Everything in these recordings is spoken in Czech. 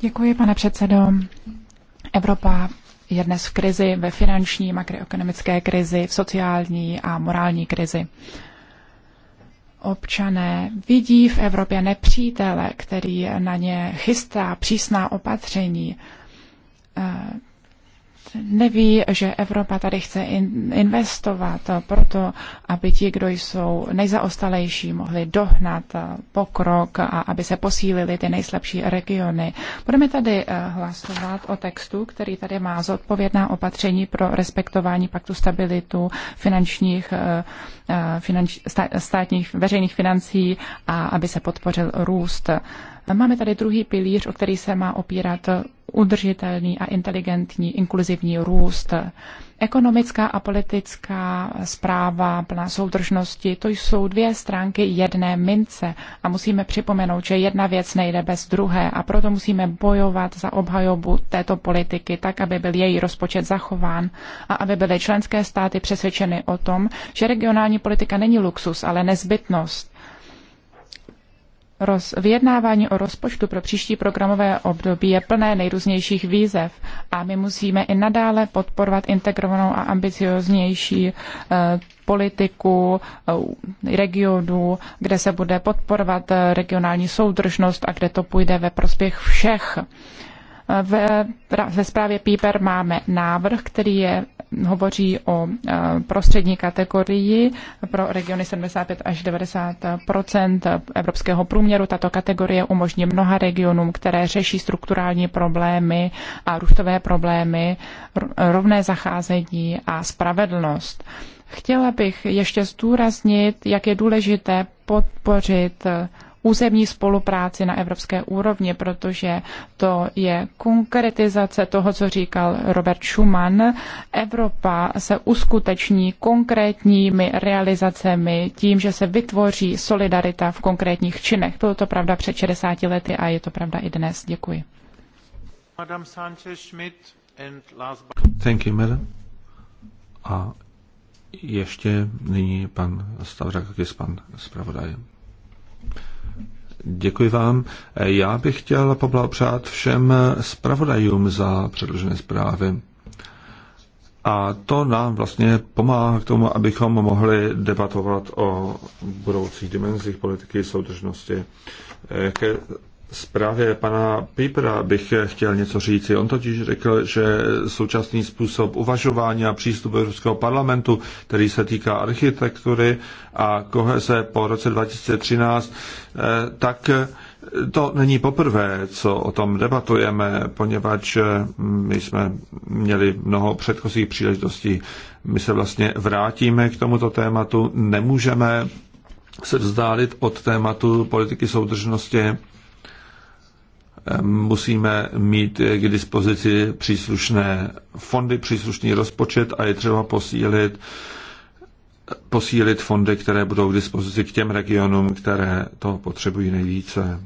Děkuji, pane předsedající Evropa je dnes v krizi, ve finanční, makroekonomické krizi, v sociální a morální krizi. Občané vidí v Evropě nepřítele, který na ně chystá přísná opatření eh, neví, že Evropa tady chce in, investovat proto, aby ti, kdo jsou nejzaostalejší, mohli dohnat pokrok a aby se posílily ty nejslabší regiony. Budeme tady eh, hlasovat o textu, který tady má zodpovědná opatření pro respektování paktu stabilitu finančních, eh, eh, finanč, státních veřejných financí a aby se podpořil růst. Máme tady druhý pilíř, o který se má opírat udržitelný a inteligentní inkluzivní růst. Ekonomická a politická zpráva plná soudržnosti, to jsou dvě stránky jedné mince a musíme připomenout, že jedna věc nejde bez druhé a proto musíme bojovat za obhajobu této politiky tak, aby byl její rozpočet zachován a aby byly členské státy přesvědčeny o tom, že regionální politika není luxus, ale nezbytnost Roz, vyjednávání o rozpočtu pro příští programové období je plné nejrůznějších výzev a my musíme i nadále podporovat integrovanou a ambicioznější e, politiku e, eh, regionů, kde se bude podporovat eh, regionální soudržnost a kde to půjde ve prospěch všech. E, ve, ve zprávě PIPER máme návrh, který je hovoří o e, prostřední kategorii pro regiony 75 až 90 evropského průměru. Tato kategorie umožní mnoha regionům, které řeší strukturální problémy a růstové problémy, rovné zacházení a spravedlnost. Chtěla bych ještě zdůraznit, jak je důležité podpořit územní spolupráci na evropské úrovni, protože to je konkretizace toho, co říkal Robert Schuman. Evropa se uskuteční konkrétními realizacemi tím, že se vytvoří solidarita v konkrétních činech. Bylo to pravda před 60 lety a je to pravda i dnes. Děkuji. Sanchez Schmidt and last but... Thank you, madam. A ještě nyní pan Stavřák je pan zpravodajem. Děkuji vám. Já bych chtěl poblahopřát všem zpravodajům za předložené zprávy. A to nám vlastně pomáhá k tomu, abychom mohli debatovat o budoucích dimenzích politiky soudržnosti. Jaké eh, zprávě pana Pipera bych chtěl něco říci. On totiž řekl, že současný způsob uvažování a přístupu Evropského parlamentu, který se týká architektury a koheze po roce 2013, eh, tak eh, to není poprvé, co o tom debatujeme, poněvadž eh, my jsme měli mnoho předchozích příležitostí. My se vlastně vrátíme k tomuto tématu, nemůžeme se vzdálit od tématu politiky soudržnosti musíme mít k dispozici příslušné fondy, příslušný rozpočet a je třeba posílit, posílit fondy, které budou k dispozici k těm regionům, které to potřebují nejvíce.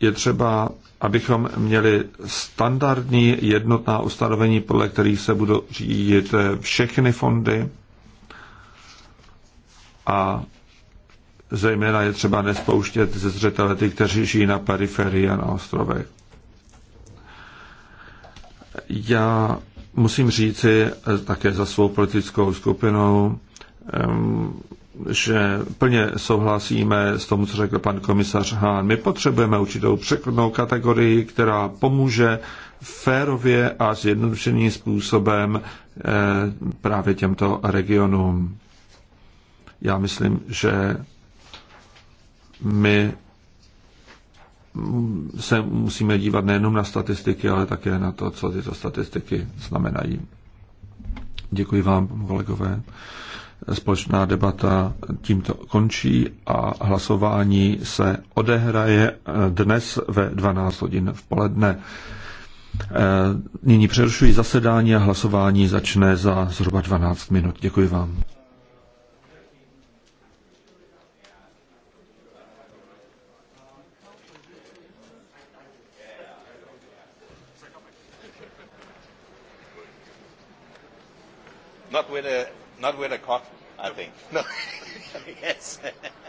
Je třeba, abychom měli standardní jednotná ustanovení, podle kterých se budou řídit všechny fondy a Zejména je třeba nespouštět ze zřetele ty, kteří žijí na periferii a na ostrovech. Já musím říci eh, také za svou politickou skupinou, ehm, že plně souhlasíme s tomu, co řekl pan komisař Hahn. My potřebujeme určitou přechodnou kategorii, která pomůže férově a zjednodušeným způsobem eh, právě těmto regionům. Já myslím, že my se musíme dívat nejenom na statistiky, ale také na to, co tyto statistiky znamenají. Děkuji vám, kolegové. Společná debata tímto končí a hlasování se odehraje dnes ve 12 hodin v poledne. Nyní přerušuji zasedání a hlasování začne za zhruba 12 minut. Děkuji vám. Not with a, not with a I think. No. yes.